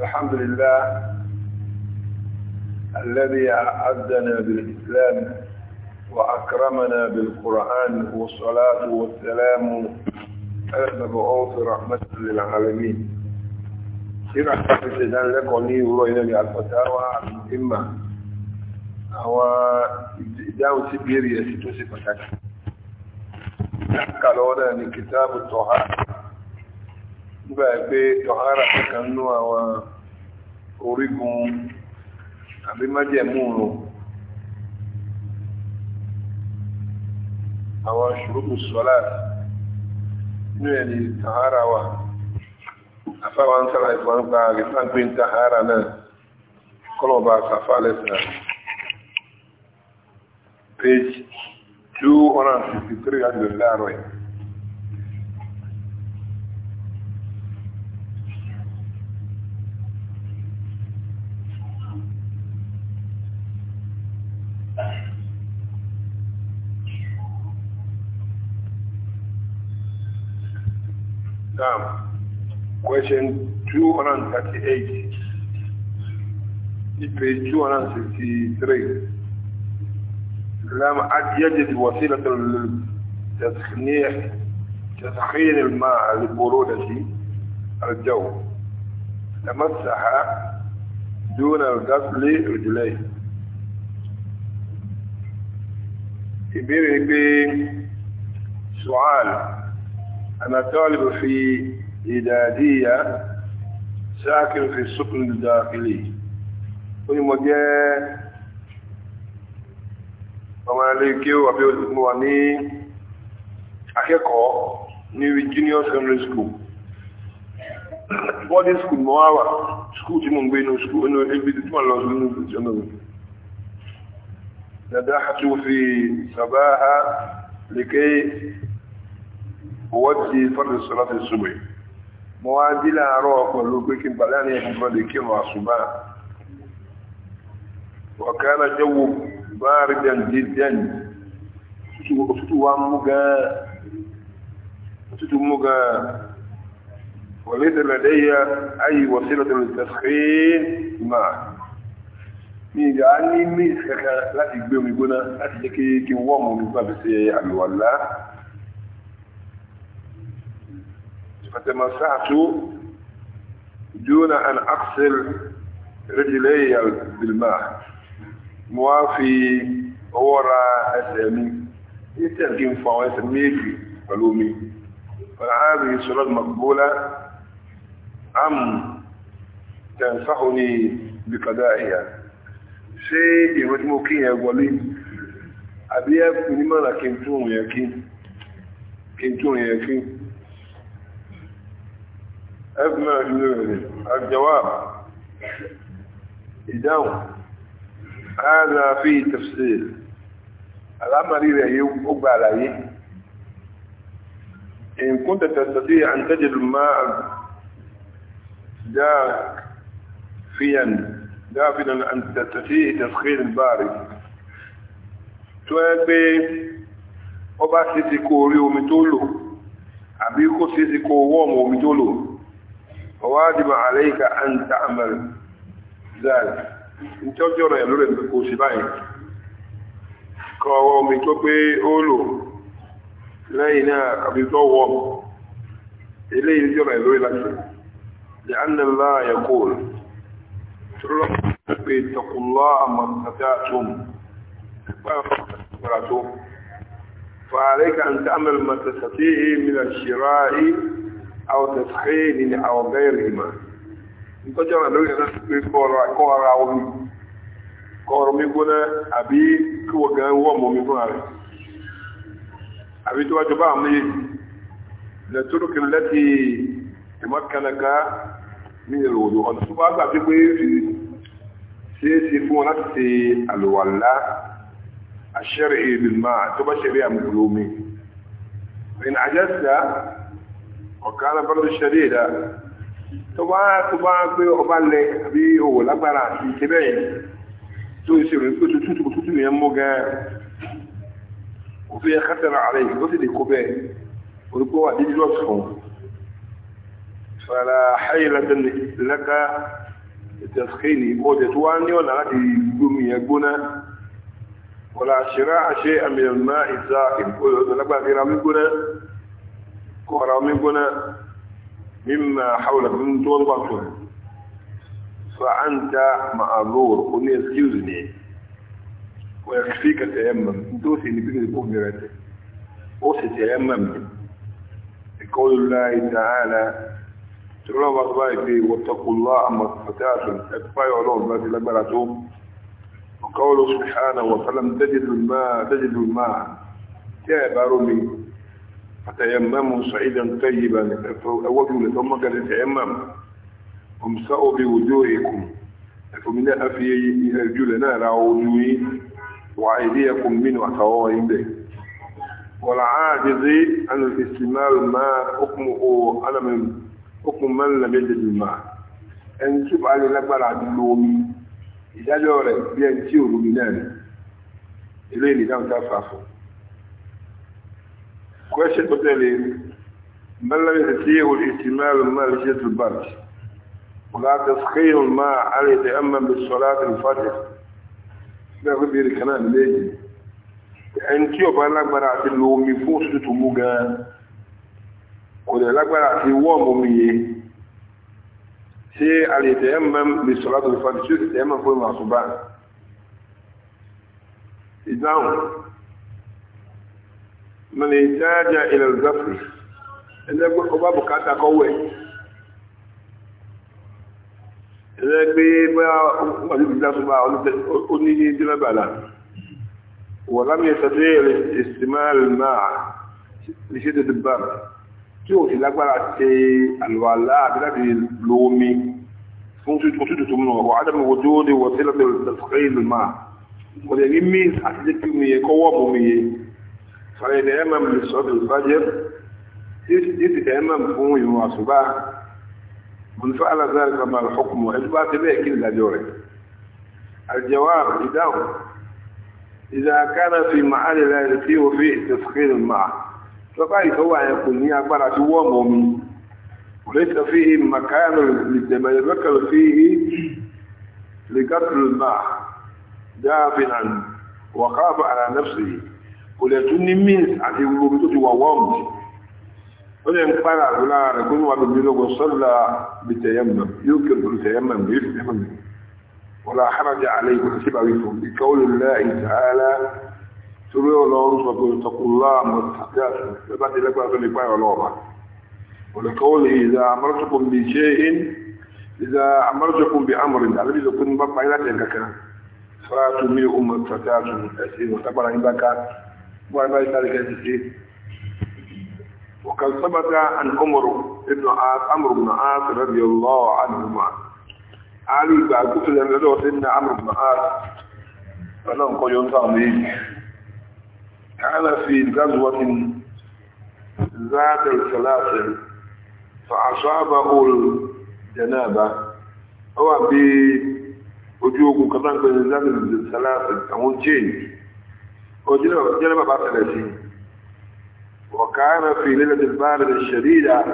الحمد لله الذي أعدنا بالإسلام وأكرمنا بالقرآن والصلاة والسلام على المبعوث رحمة للعالمين سير أحفظ سيدان لك ولي وإلى الفتاوى المهمة هو داو سبيريا ستوسي فتاك نحكى لنا من كتاب الطهار nígbà pé tọ̀hárà kankan nú àwọn orígun àbí májẹ̀mú rò àwọn ṣùrùkù sọ́lá inú ẹ̀ ni wà sára ìfọ́n gba àrífàǹgbé tọ̀hárà náà kọlọ̀bà sàfà lẹ́sìn page 253 àjò نعم question 238 page 263 لم عد يجد وسيلة لتسخين تسخين الماء لبرودة الجو تمسح دون الغسل رجليه ìbéèrè pé أنا طالب في إدادية ساكن في السكن الداخلي ونمجي àwọn aléèké àbí olùgbò wà ní akẹ́kọ̀ọ́ ní junior secondary school boarding school mọ́ àwà school tí mo ń gbé inú school inú ibi tí wọ́n lọ sí inú ìjọba dada hatu fi sabaha lèké ووجهي فرد صلاة الصبح موادلة أروح ولوكيك بلاني فرد كيلو الصبح وكان جو باردا جدا فتوى مغا فتوى مغا وليس لدي أي وسيلة للتسخين معه ní ìjọ a ní ní ìsẹ́kẹ́ láti gbé omi gbóná láti jẹ́ kí wọ́n mú nípa bí ṣe àlùwàlá فتمسحت دون أن أغسل رجلي بالماء موافي وراء أسامي يتركين فوائد ميجي قلومي فهذه الصلاة مقبولة أم تنصحني بقضائها شيء يمتمكين يا ولي أبي أبني مالا كنتون يكين كنتون يكين أسمع الجواب إداو هذا فيه تفصيل الأمر إليه أقبع عليه إن كنت تستطيع أن تجد الماء دافيا دافنا أن تستطيع تسخين البارد توابي ọba ṣe ti kó orí omi tó lò àbí kó ṣe ti kó ọwọ́ ọmọ omi tó lò فواجب عليك أن تعمل ذلك انت جرى يلورن بكوشي باي كاو مي تو بي اولو لينا ابي تو إليه جرى يلورن لك لأن الله يقول اتقوا الله ما استطعتم فعليك أن تعمل ما تستطيع من الشراء àwọn tẹ̀síkẹ́ ní ni àwọn bẹ́ẹ̀rì ìmọ̀ nítọ́jú ọ̀nà lórí ẹ̀sẹ̀ sí pé kọ́ ara omi kọ́ ọ̀rọ̀ mi gbóná àbí kí wọ́n gan wọ́n mọ́ mi fún ààrẹ àbí tó wájú bá àmì lẹ́tọ́rọ̀kì lẹ́tì ìmọ̀kànlẹ́gá ní ìròdò ọ̀nà tó bá gbà pé pé ṣeéṣe fún wọn láti ṣe àlùwàlá àṣẹ́rẹ̀ èèlì máa tó bá ṣẹ̀rí àmì ọ̀gára bọ́lú ṣẹlẹ̀ ìdá tó bá tó bá gbé ọba lẹ àbí òwò lágbára àti ìṣe bẹ́ẹ̀ tó ń ṣe rẹ̀ pé tuntun tó tútù yẹn mú gan kò fi yẹ kátàrà àrẹ yìí ó sì lè kó bẹ́ẹ̀ orúkọ wà dídí lọ́sì fún fara hayra laka ìtẹ̀síkẹ́ni ọjọ́ tó wá ní ọ̀nà láti gbómi yẹn gbóná wọ́n la àṣẹ àmì ẹ̀mọ́ ìta ìkó kọ́ra omi gbóná mímọ àwòrán tó ń tó ń bá tó fa an ta ma'azor ó ní excuse ne wa ya fi ka tayammam tó sì ní pínlẹ̀ kó fi rẹ̀ ó sì tayammam ne ìkọlù láì ta'ala tí wọ́n bá bá ìpé wọ́tọ̀kùnlá àmọ́ fàtàtùn ẹ̀fáyọ̀ ọlọ́run bá ti lágbára tó وقوله سبحانه وسلم تجد الماء تجد الماء تعبر من فتيمموا صعيدا طيبا فوجوا لثم كان يتيمم امسأوا بوجوهكم فمن أفي رجلنا رعوني وأيديكم من وأتواهم به والعاجز عن الاستمال ما حكمه أنا من حكم من لم يجد الماء أن شوف علي الأكبر عبد اللومي إذا دوري بأن تيروا بناني إليه لدعم تفافوا question tó tẹ̀lé mẹ́lẹ́mí ti tí ìwò ìtìmẹ́lù máa lè ṣe tó bá ti wọ́n á tẹ̀síkẹ́yìn máa àrètẹ̀ ẹ̀mà bí sọ́lá ti fàjẹ̀ sílẹ̀ fún bèèrè kan náà méjì ẹni tí ọba lágbára àti lo omi fún òṣù tó mú gan kò dẹ̀ lágbára àti wọ́ọ̀mù omi yé ṣé àrètẹ̀ ẹ̀mà bí sọ́lá ti fàjẹ̀ ṣé ìtẹ̀ ẹ̀mà fún ìmọ̀ àṣùbà ìdáhùn mọ̀lẹ̀ ìtajà ilẹ̀ ìzọ́fì ẹlẹ́gbẹ́ ọba bùkátà kọ́wẹ̀ ẹlẹ́gbẹ́ bá wọ́n ti dá súnmọ́ oníyí dínlẹ́bàlá wọ́n lámì ìtàdé ìsìmáàlìmá lè ṣe tètè bá tí ó sì lágbára ṣe àlùwàlá àti láti lo omi fún tútù tó múnà wọ́n ádámù wòjú ó ní wọ́n sí lọ́tẹ̀ ìlú máa wọ́n lè rí mí àti jẹ́ kí omi yẹ kọ́wọ́ bọ̀ omi yẹ àwọn ènìyàn máa ń lè sọ bí ìbájẹ́ títí ẹ̀ من فعل ذلك ما الحكم إثبات به كل دوره الجواب إذا إذا كان في معاني لا يلقي وفيه تسخير معه فقال هو يكون هي أكبر عدو مؤمن وليس فيه مكان لما يذكر فيه لقتل الماء دافنا وخاف على نفسه kò lè tún ní means àti gbogbo tó ti wà wọ́ọ̀mù ó lè ń para ló lára rẹ̀ gbóná wàá bèbí lọ́gbọ̀n sọ́lá bìtẹ̀yẹ̀mọ̀ yóò kí ọ̀gbọ̀n bìtẹ̀yẹ̀mọ̀ yóò fi tẹ̀yẹ̀mọ̀ mi wọ́n la harajà alẹ́ ìgbọ̀n sí bàbí fún mi káwọ́ lè lẹ́ ìtàlá torí ọlọ́run sọ pé ìtọ́kùnlá mọ̀ tàbí àti bẹ́bá وما يتعلق به وقد ثبت عن عمر بن عاص عمرو بن عاص رضي الله عنهما علي بعد كفر ان له سيدنا عمرو بن عاص فلهم قد ينصرني كان في غزوة ذات السلاسل فأصابه الجنابة هو بوجوه كمان ذات السلاسل أو جين وجلب بعض الأسين وكان في ليلة البارد الشديدة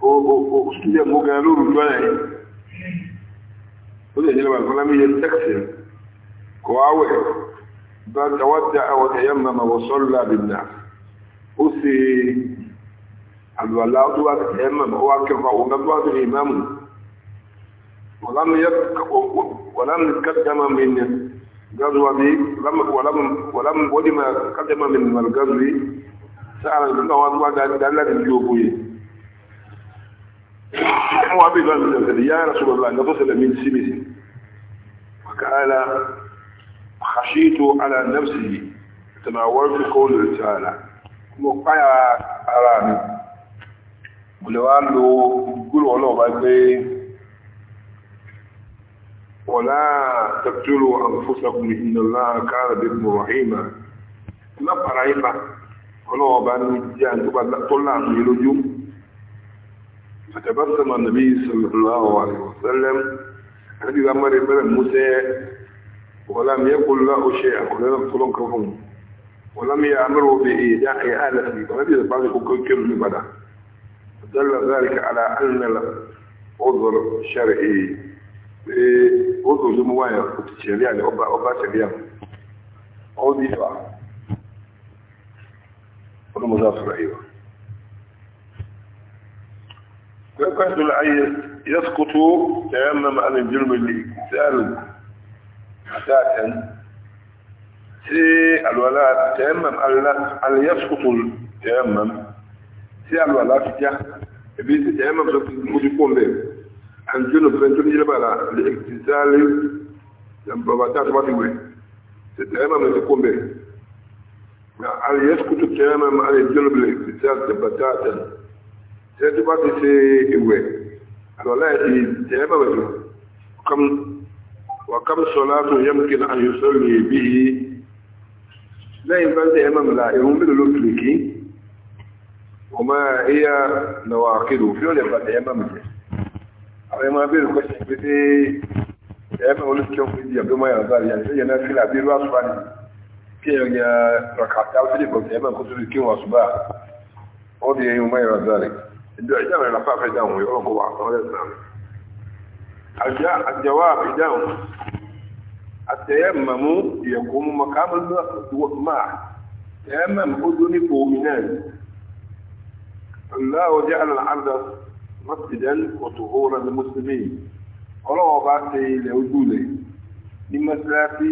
وأسلم مقالور الجنعي وجلب جلب الفلامي يستكسر كواوه بل تودع وتيمم وصلى بالناس أسي الولاء دوات تيمم وأكفى ومبعد الإمام ولم يتقدم من غزوة لم ولم ولم ولم قدم من الغزو سأل الله وأدعى دلال الجوبوي وأبي قال يا رسول الله نغسل من سمس فقال خشيت على نفسي تناولت قوله تعالى مقايا أرامي ولو قالوا قولوا الله ولا تقتلوا أنفسكم إن الله كان بكم رحيما ما برايبا ọlọ́wọ́ bá ní jẹ́ àtúbà tó láàmù yìí lójú àtẹ̀bátẹ̀mà nàbí sallallahu alaihi wasallam àti lámàrí bẹ̀rẹ̀ músẹ́ wọlámi ẹkùnlá oṣẹ àkùnrin tọ́lọ́nkà fún wọlámi àmúrò bí i dákẹ̀ àlẹ́sì ọ̀rẹ́bí ìsọ̀pá ní kókó kéwù ní padà dalla zalika ala annal udhr shar'i pé ó tó ló mú wáyà kò ti ṣẹ̀rí àlẹ́ ọba ṣẹ̀rí àmọ́ ó ní ìfà ọlọ́mọdé àfúrà yìí wà. فقد العيس يسقط تيمم عن الجرم الاكتسال ساتا سي الولاء تيمم أن يسقط تيمم سي الولاء تجاه بيت تيمم سقط يكون به الجنوب فين تنجي لبالا لاغتسال لما بعدها تبعتي وين تتعمم لتكون به هل يسكت التيمم عن الجنوب الاغتسال تبتاتا تبعتي سي لا الولاء تيمم كم وكم صلاة يمكن أن يصلي به لا ينبغي أمام لا يهم للوتلكي وما هي نواقضه فيون يبقى أمام ẹ máa bèèrè pẹ́sì pé ṣé ẹ̀fẹ́ olùkíọ́ fún ìdí ọ̀gbẹ́ mọ́yà ọ̀gbà ìyá ṣé yẹn fílà bí irú àṣùbà ni kí ẹ̀yọ́ ya rọ̀kàtà ó sílẹ̀ kọ̀ọ̀tì ẹ̀mọ́ kó tóbi kí wọ́n àṣùbà ó di ẹ̀yìn mọ́yà ọ̀gbà rẹ̀ ìdí ọ̀já rẹ̀ lápá fẹ́ dáhùn ọkọ̀ wà ọ̀rẹ́ àtẹ̀yẹ́mọ̀mú ìyẹ̀kọ́ ó dún nípò omi masjidan wa tuhuran lil muslimin ọlọ́wọ́ bá ṣe ilẹ̀ ojúlẹ̀ ní mọ́sálásí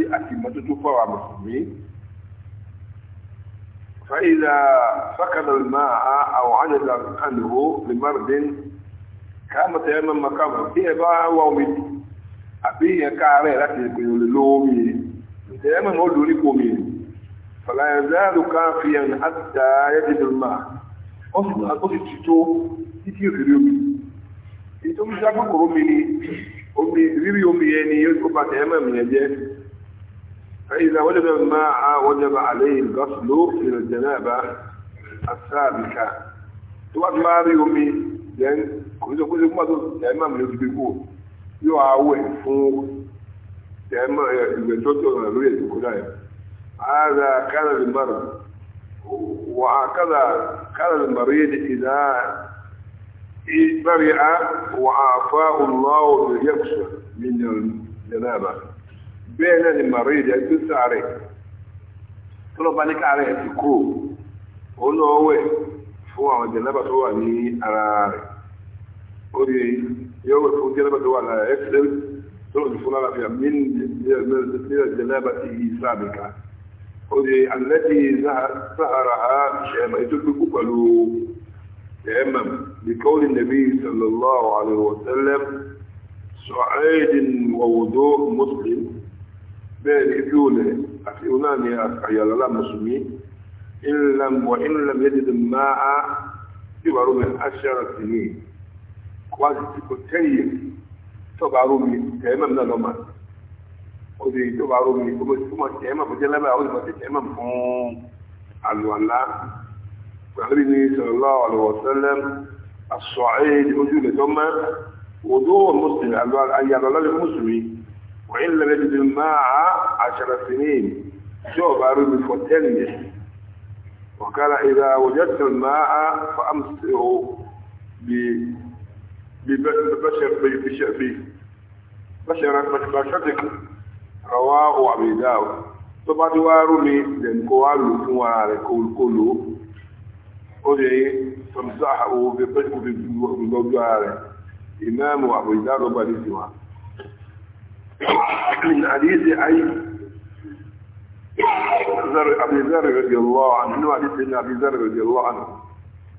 فإذا فقد الماء أو عجز عنه لمرض كما تيمم مكانه هي باع ومن أبي يكاري لكن يقول لومي تيمم هو دوني قومي فلا يزال كافيا حتى يجد الماء أصلا أصلا títí òrírí omi ètò ń sá kòkòrò omi ni omi rírí omi yẹn ni ó bá tẹ̀ mọ̀ mìíràn jẹ́ فإذا وجب الماء وجب عليه الغسل من الجنابة السابقة تبقى ما ريومي يعني كوزو كوزو ما دو يعني ما ملوك بيكو yóò awọ ẹfun tẹmọ ìwé tó tó ọ̀nà lórí ẹ̀dùn kó dáyà ààrẹ kálàlì mara wà kálàlì mara yé ìdá إذ برئ وعافاه الله باليكسر من الجنابة بين المريض يجلس عليه طلب عليك عليه تكون قلنا هو هو الجنابة هو علي على قولي يوم يكون جنابة هو على يكسر طلب الفلانة فيها من من الجنابة سابقة قولي التي سهرها شيئا يتركوا قالوا تيمم بقول النبي صلى الله عليه وسلم سعيد ووضوء مسلم بين إفيولة أفيولان أحيال الله مسلمين إن لم وإن لم يجد الماء يبارو من عشرة سنين كوازي تكتين تبارو من تيمم نلوما ودي تبارو من ثم تيمم فجلبا أولي ما تيمم فون الولا وعلي صلى الله عليه وسلم الصعيد وجود ثم وضوء المسلم أن الله المسلم وإن لم يجد الماء عشر سنين شو بارد فوتين وقال إذا وجدت الماء فأمسه ببشر بشر بشر بشرتك رواه أبي داود طبعا دوارو لي لأن كوالو كوالو أولي فمسحه بقلبه بموضوع إمام أبو إدار وبالسوا من حديث أي ذر أبي ذر رضي الله عنه من حديث أبي ذر رضي الله عنه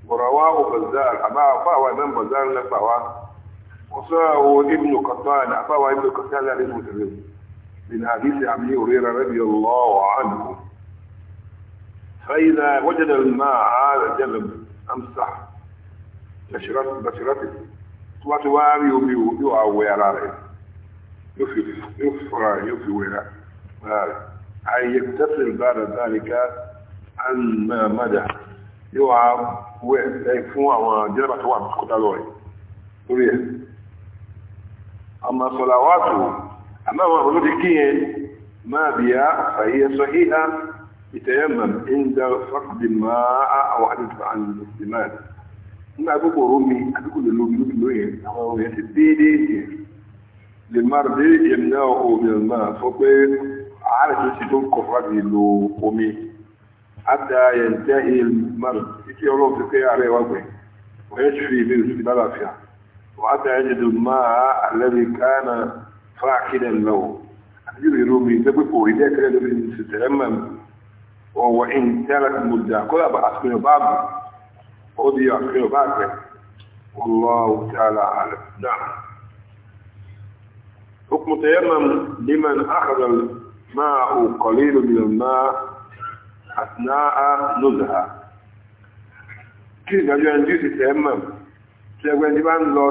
ورواه بزار أما فهو من بزار نفهو وصاه ابن قتال أفهو ابن قتال للمترم من حديث أبي هريرة رضي الله عنه فإذا وجد الماء هذا جلب أمسح بشرته بشرته وتواري يعوي على ويرى يفي يفرى يفي ويرى أي يكتفل بعد ذلك عن ما مدح يوعى ويفوع وجربة وعب قتالوري قوليه أما صلواته أما هو ما بيا فهي صحيحة يتيمم عند فقد الماء او حدث عن الاستماع nígbà gbogbo omi àdúgbò lè lómi lómi lóyè àwọn ohun yẹn ti déédéé yẹn lè má rí èmi náà omi ọ̀nà sọ pé àárẹ̀ tó ti tó ń kọ̀ fún àti lo omi àdá yẹn tẹ́ ìlú márùn títí ọlọ́run fi wọ́n yẹn ti máa àlẹ́bí káàna fáàkì lọ́wọ́ àti yóò rí omi tẹ́gbẹ́ وإن كانت مدة كل أسكن باب أودي أسكن باب والله تعالى أعلم نعم حكم تيمم لمن أخذ الماء قليل من الماء أثناء نزهة kí ìdájọ́ ẹni sì tẹ́ tí ẹgbẹ́ ẹni bá ń lọ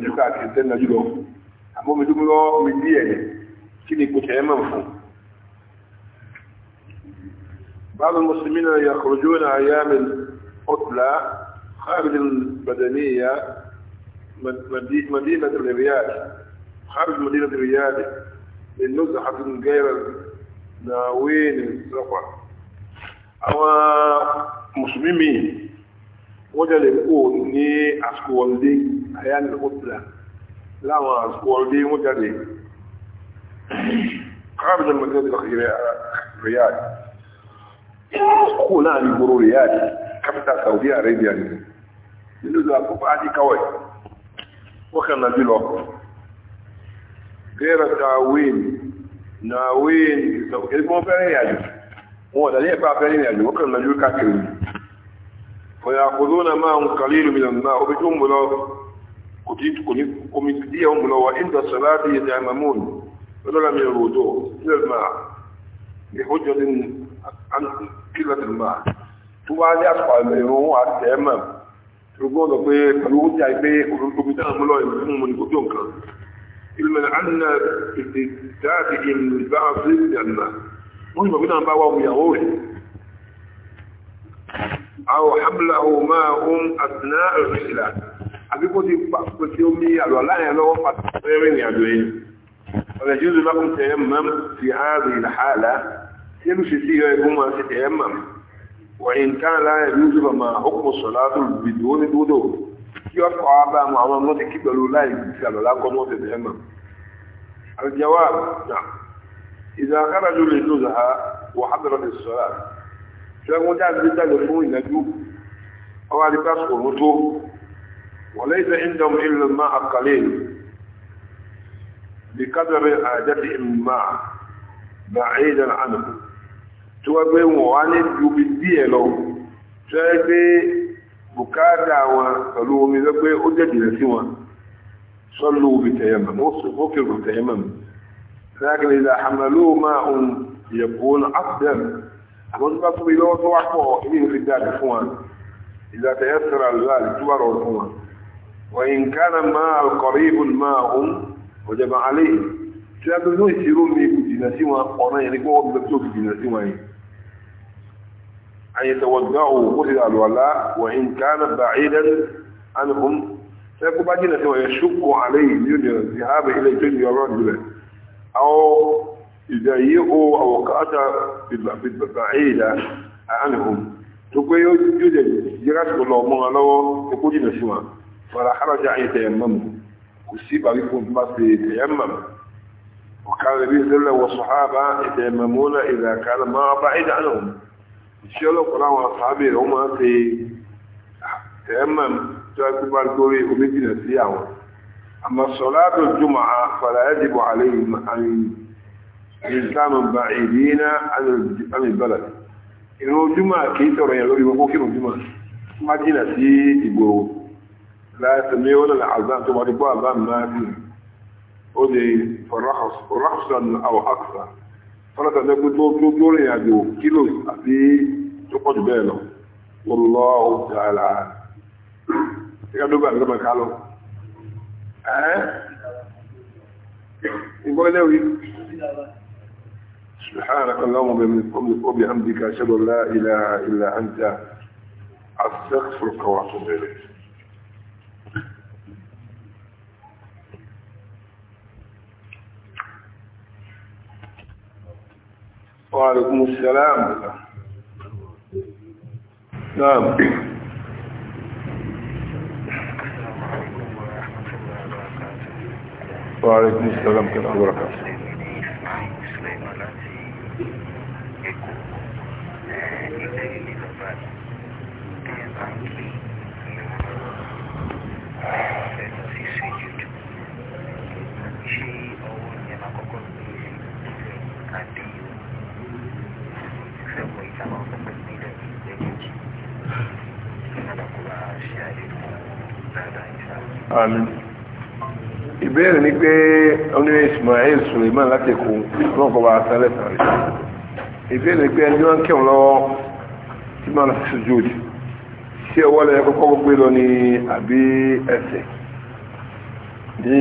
sí tọ́ kí ni mọ̀ بعض المسلمين يخرجون أيام العطلة خارج البدنية مدينة الرياض خارج مدينة الرياض للنزحة غير ناوين السفر أو مسلمين wọ́n jẹ́ lè ايام ní láwọn àsìkò ọdí wọ́n jáde káàbìtàn mọ̀tẹ́lẹ̀ lọ́kìrẹ́ uh, Riyadh kó náà ní gbòrò Riyadh capital Saudi Arabia ni nínú ìlú àkókò àti kawai wọ́kàn náà bí lọ gẹ́rẹ̀ tawin nawin ìsọ̀kẹ́lẹ́gbọ́n fẹ́rẹ̀ ìrìnàjò wọn ọ̀dà ní ẹ̀bá fẹ́rẹ̀ náà bí káàkiri ويأخذون معهم قليل من الماء وبجمله ومجديهم لو عند الصلاة يتيممون ولم يرودوا إلى الماء لحجة عن قلة الماء tó bá ní àtùpà ìrún àti ẹ̀mà ṣùgbọ́n lọ pé pẹ̀lú oúnjẹ àìpé omi dáhùn mọ́lọ ìrún mọ́ ní gbogbo nǹkan ilẹ̀ àná ètè dáàbì ìrìn ìbá sí ìyànà wọ́n yìnbọn náà bá wà wùyàwó rẹ̀ àwọn hamla ohun máa àbí kó ti kó ti omi àlọ́ aláìyàn lọ́wọ́ pàtàkì rìnrìn àjò yìí ọ̀rẹ́ jésù lákùn tẹ̀yẹ́ mọ́ fi ààrùn ìlàhálà tí ó sì sí ẹgbẹ́ wọn sí tẹ̀yẹ́ mọ́ wọ̀nyí nǹkan láyé lójú bàmà ọkùnrin sọ̀lá tó bìdó ní dúdò kí ó kọ́ abá mu àwọn ọmọ ti kí pẹ̀lú láì ti àlọ́ lákọ́ mọ́ tẹ̀yẹ́ mọ́ àrùjẹwà ìdá akárájú lè lò záà wà hábẹ̀rọ̀ lè sọ̀rọ̀ ọwọ́ adipásọ̀ òun tó وليس عندهم إلا الماء القليل بقدر عادتهم الماء بعيدا عنه توبي وعن يبدي له توبي بكاتا وقالوا مذبي أجد لسوا صلوا بتيمم وكلوا بتيمم لكن إذا حملوا ماء يكون أفضل àwọn tó bá tóbi lọ́wọ́ tó wá pọ̀ ilé وإن كان ما قريب معهم وجب عليه سيادة يسيرون من جناسي وقرنا يعني قوة بلبسوك جناسي وين أن يتوضعوا قتل الولاء وإن كان بعيدا عنهم سيكون بعدين سوى يشك عليه الذهاب إلى جن الرجل أو يضيقه أو قطع بعيدا عنهم تقول يوجد جرس الله مغلوه يقول جناسي وين ولا حرج أن يتيمم والسيب عليكم في مصر يتيمم وكان النبي صلى الله عليه وسلم والصحابة يتيممون إذا كان ما بعيد عنهم الشيء لو قرأوا أصحابي هم في تيمم تأكل بالكوري ومدينة سياوة أما صلاة الجمعة فلا يجب عليهم أن يلتام بعيدين عن البلد إنه الجمعة كي ترى يلوري وقوكي الجمعة ما جينا سي إبوه láti ní ó lọ́nà àzán tó wà ní bọ́ àzán náà ní ó lè fọ́nrọ́sàn àwọn àkùsà fọ́nàtà lẹ́gbẹ́ tó tó tó rìn àjò kílò àti tó pọ̀ jù bẹ́ẹ̀ lọ wọ́lọ́ ọ̀tà àlà ẹ̀ka tó bá لا اله الا انت استغفرك واتوب اليك وعليكم السلام نعم وعليكم السلام ورحمة الله وبركاته Ami, ìbéèrè ni pé oníwèé Ismail Suleiman láti kú lọ́n kọ́ bá sálẹ̀ sáré ìbéèrè ni pé ẹni wọ́n kẹ́wọ̀n lọ́wọ́ tí máa lọ sí jòdì sí ọwọ́ lẹ́yìn kọ́kọ́ gbé lọ àbí ẹsẹ̀ ní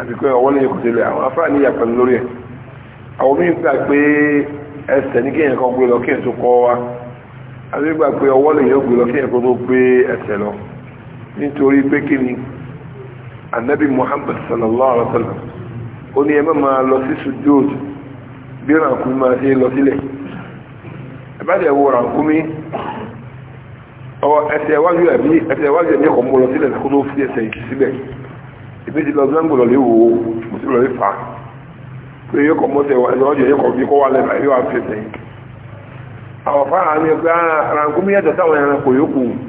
àti pé ọwọ́ lẹ́yìn àwọn lórí ẹ̀ àwọn mí gbà pé ẹsẹ̀ ní kéèyàn kan gbé lọ kéèyàn tó kọ́ wa àbí gbà pé ọwọ́ lẹ́yìn gbé lọ kéèyàn tó gbé ẹsẹ̀ lọ nítorí pé kí ni anabi muhammad sallallahu alaihi wa sallam ó ní ẹ má máa lọ sí sujud bí ràǹkúmí máa ṣe lọ sílẹ̀ ẹ bá jẹ́ wo ràǹkúmí ọwọ́ ẹsẹ̀ iwájú ẹ̀bí ẹsẹ̀ iwájú ẹ̀bí ọkọ̀ mú lọ sílẹ̀ kó tó fi ẹsẹ̀ yìí síbẹ̀ ìbí ti lọ zango lọ lè wò ó mo sì lọ lè fà á pé yóò kọ̀ mọ́tẹ̀ ẹ̀sẹ̀ iwájú yóò bí kó wà lẹ́bàá yóò wà fi ẹsẹ̀ yìí àwọn fáwọn àmì ẹgbẹ́ ah, ràǹkúmí yàtọ̀ sáwọn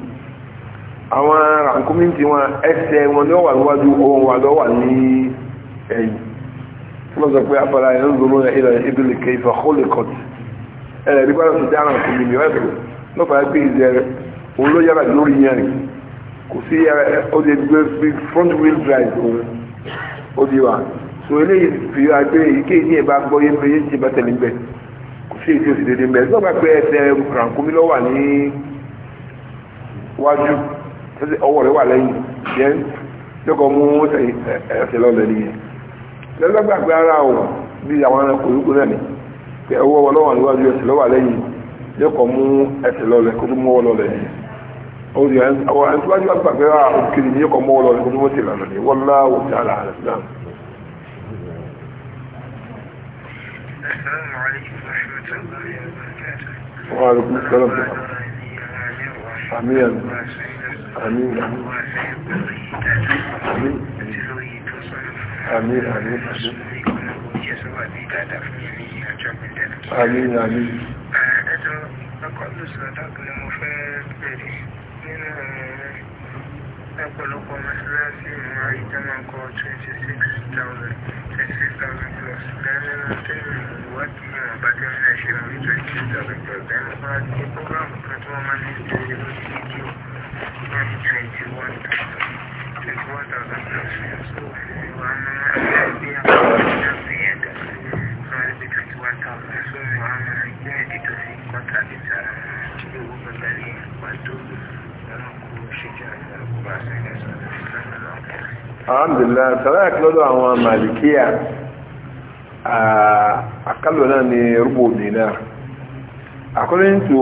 àwọn àǹkómi ti wọn ẹsẹ̀ wọn ló wà níwájú ohun wà ló wà ní ẹ̀yìn wọ́n sọ pé abala ẹ̀ ń zoro ẹ̀ ilẹ̀ ìbílẹ̀ kẹfà holikot ẹ̀ rí gbọ́dọ̀ sí dáhùn àǹkómi ni wọ́n ló fà á gbé ìzẹ̀ rẹ̀ òun ló yára lórí yẹn rẹ̀ kò sí yára ó lè gbé front wheel drive òun ó di wa so eléyìí fi wá gbé ike ní ìbá gbọ́ yé mi yé ti bá tẹ̀lé mbẹ́ kò sí èdè òsì wájú ọwọ́ rẹ̀ wà lẹ́yìn yẹn lọ́kọ̀ mú ẹsẹ̀ lọ́lẹ̀ nìyẹn lọ́lọ́gbàgbé ara ò bí àwọn ẹranko yòókù náà ni pé ọwọ́ wọn lọ́wọ́ níwájú ẹsẹ̀ lọ́wọ́ lẹ́yìn lọ́kọ̀ mú ẹsẹ̀ lọ́lẹ̀ kó tó mú ọwọ́ lọ́lẹ̀ nìyẹn ọwọ́ ẹni tó bá jẹ́ àgbàgbé ara òkèlè ní lọ́kọ̀ mú ọwọ́ lọ́lẹ̀ kó tó mú ẹsẹ̀ lọ́lẹ̀ nìyẹn wọ́n láwọ̀ tí a là á lẹ́sìn náà. Wa alaikum salam àmín àmín àmín àmín àmín àmín àmín àmín. ẹjọ́ ọkọ̀ ló sọ dákùn ni mo fẹ́ bẹ̀rẹ̀ nínú ọ̀pọ̀lọpọ̀ mọ́sálásí ìmọ̀ ìjọba kọ twenty six thousand twenty six thousand plus lẹ́nu tẹ́lẹ̀ ìwádìí ìgbà tí wọ́n ṣe lọ ní twenty seven percent nípa ti programu kan tí wọ́n máa ní ìṣẹ̀lẹ̀ lórí fídíò wọ́n ní àwọn màlìkíyà. Ah, akálò náà ni rúbò dinar according to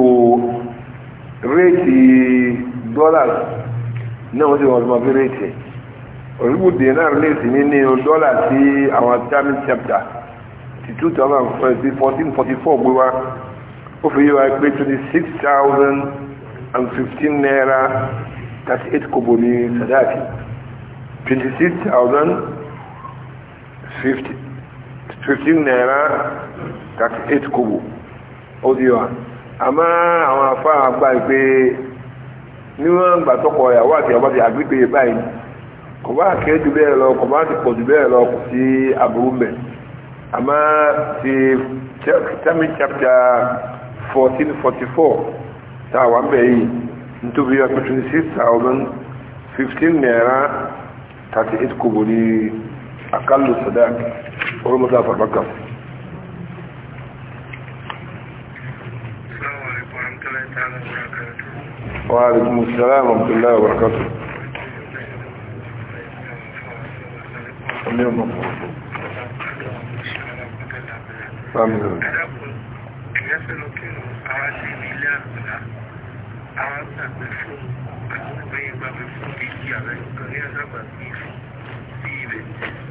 réètì dọ́là náà wọ́n ti wọ́n lọ́mọ́ fi réètì rúbò dinar léètì nínú dọ́là tí àwọn german chapter ti 1444 gbé wá ó fi yíwa pé fifteen naira thirty eight kobo ní sadaki fifty. fifteen naira thirty eight kobo ó di wa àmọ́ àwọn afá àgbà pé níwọ̀n gbà tọkọ ìyàwó àti ìyàwó àti àgbègbè báyìí kò bá kéré jù bẹ́ẹ̀ lọ kò bá ti pọ̀ jù bẹ́ẹ̀ lọ kò sí àbúrú mẹ́ ti tẹ́mi chapter 1444 tá a wà ń yìí naira kobo ní ọlọ́mọdé àfàgbàkà وعليكم السلام ورحمة الله وبركاته اليوم Àmín. Thank you.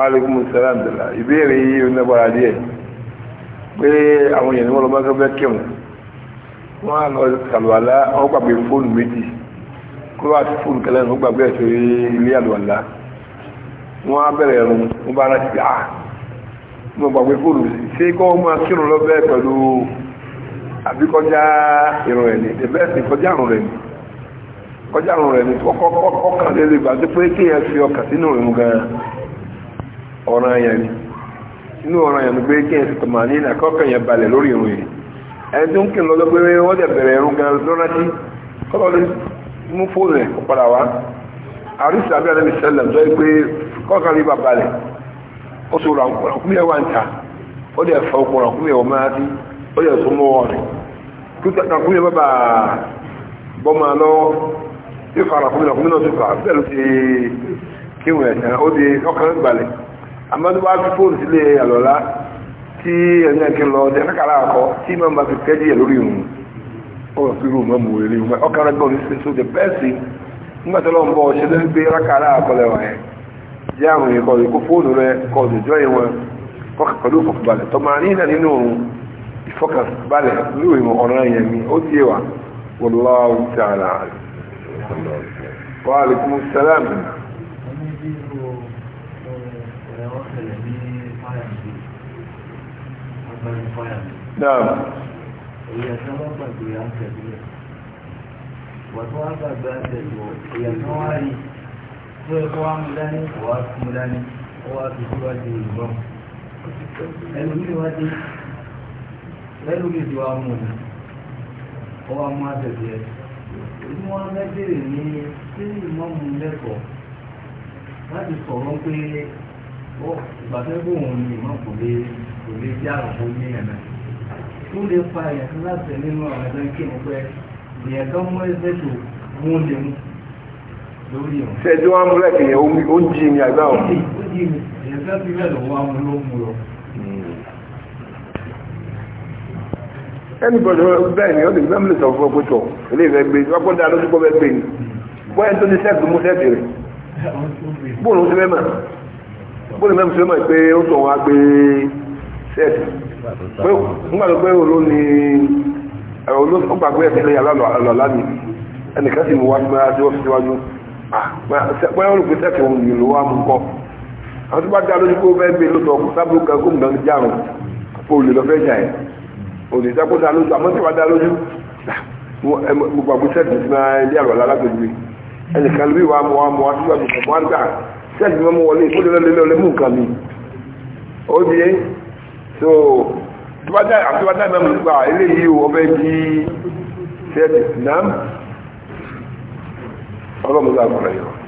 wàhálùkù sàlám dìlà ìbéèrè yìí ń dábàrà díẹ̀ pé àwọn èèyàn wọn lọ máa fẹ́ kírun wọn á lọ sàlùwàlá wọn gbàgbé fóònù méjì kúrò àti fóònù kẹlẹ́ wọn gbàgbé ẹ̀sọ́ ilé àlùwàlá wọn á bẹ̀rẹ̀ ẹ̀rùn wọn bá rántí à wọn ah, gbàgbé fóònù ṣé kọ́ wọn máa kírun lọ́bẹ̀ pẹ̀lú àbíkọjá ìrùn rẹ̀ ni ẹ̀bẹ̀ ẹ̀sìn kọjá àrùn rẹ̀ ni kọjá àrùn rẹ̀ ni ọkàn lè lè gbàgbé pé kéèyàn fi ọkàn sínú ìrùn gan-an ọ̀ràn yẹn ni inú ọ̀ràn yẹn ni pé kí ẹ sì tọ̀mà ní àkọ́kọ̀ yẹn balẹ̀ lórí ìrun yẹn ẹni tó ń kí lọ́dọ̀ pé wọ́n dẹ̀ bẹ̀rẹ̀ ẹ̀rù gan lọ́rántí kọ́lọ́ ló mú fóònù ẹ̀ kó padà wá àrísà bí alẹ́ mi sẹ́lẹ̀ sọ pé kọ́kàn rí bàbá rẹ̀ ó so ràkúnmíyà wà ń ta ó dẹ̀ fọ ọkùnrin ràkúnmíyà wọ́n máa ti ó dẹ̀ so mọ́ wọn rẹ̀ ràkúnmíyà bàbá bọ́mọ lọ́wọ́ yóò fa náà tó fà bẹ́ẹ̀ ló ti kéwòn ẹ̀sán ó di ọkàn gbalẹ̀ amadu b'a fi fóònù sílé àlọ́lá tí ẹ̀yìn ẹ̀kẹ́ lọ ọdẹ kákàrà àkọ́ tí mọ̀ bá fi kẹ́jì ẹ̀ lórí òun ọ̀rọ̀ fi rò mọ́mù eré wọn ọkàrà gbọ́n ní sèso the best ńgbàtọ́lọ́ ń bọ̀ ṣe ló ń gbé rákàrà àkọlẹ̀ wọn ẹ̀ jẹ́ àwọn èèyàn kọ́ fóònù rẹ kọ́ òjòjọ́ yẹn wọn pẹ̀lú ìfọkànbalẹ̀ tọ́mọ nílẹ̀ nínú òun ìfọkànbalẹ̀ lórí ìmọ̀ ọ̀rọ̀ yẹn mi ó ti wà wọlọ́ọ̀ Náà. Èyàn kan wọ́n gbàgbé àṣẹ sílẹ̀. Wọ́n tún wá gbàgbé àṣẹ ìwọ̀. Èyàn kan wá rí. Tó ẹ̀kọ́ wá mú dání, wọ́n á mú dání. Ó wá fi síwájú ìbọn. Ẹnu mi wá dé. Lẹ́nu mi ti wá mú mi. Ó wá mú àṣẹ sílẹ̀. Èmi wọ́n fẹ́ bèrè ní kí ni ìmọ̀mù lẹ́kọ̀ọ́ láti sọ̀rọ̀ pé ìgbàfẹ́ bò wọ́n ni ìmọ̀ kò lè kò lè jẹ́ àrùn ní ẹ̀nà tó lè fa ìyàtọ̀ láti nínú àwọn ẹ̀dọ́ kí ni pé ìyàtọ̀ mú ẹsẹ̀ tó mú lè mú lórí ọ̀. ṣé tí wọ́n múlẹ̀ kìí ó ń jí mi àgbà ọ̀. ó jí mi ìyàtọ̀ ti rẹ̀ lọ́wọ́ àwọn olóhùn lọ. ẹni bẹ́ẹ̀ ni ó lè gbẹ́mìlì sọ fún ọkọ̀ ilé ìfẹ́ gbé wọ́pọ̀ dáa lójú ti mẹ́mà bóòlù gbé sẹ́ẹ̀tì pé ńgbàdo pé olóni ọgbàgbé ẹ̀sìn lẹ́yìn alọ́lá ni ẹnìkan sì mú wá pé àti wọ́n fi síwájú pé wọ́n rò pé sẹ́ẹ̀tì òun yìí ló wá mú kọ́ àwọn tó bá dá lójú pé ó fẹ́ gbé lóṣọ sábúrú kan kó nǹkan járùn kó olè lọ fẹ́ jà ẹ̀ olè sábó dá lójú àmọ́ tí wàá dá lójú mo gbàgbé sẹ́ẹ̀tì sí máa ilé àlọ́lá lágbègbè ẹnìkan lóbi wàá mú wá mú wá síwájú kọ̀ mọ́ àgbà sẹ́ẹ̀tì mọ́ wọlé kó lè lọ́lẹ́ lọ́lẹ́ mú nǹkan mi ó di so tíwájá àtiwájá náà mú gbà eléyìí ọbẹ̀ bí sẹ́ẹ̀tì náà ọlọ́mọdé àgbọ̀rẹ̀ yìí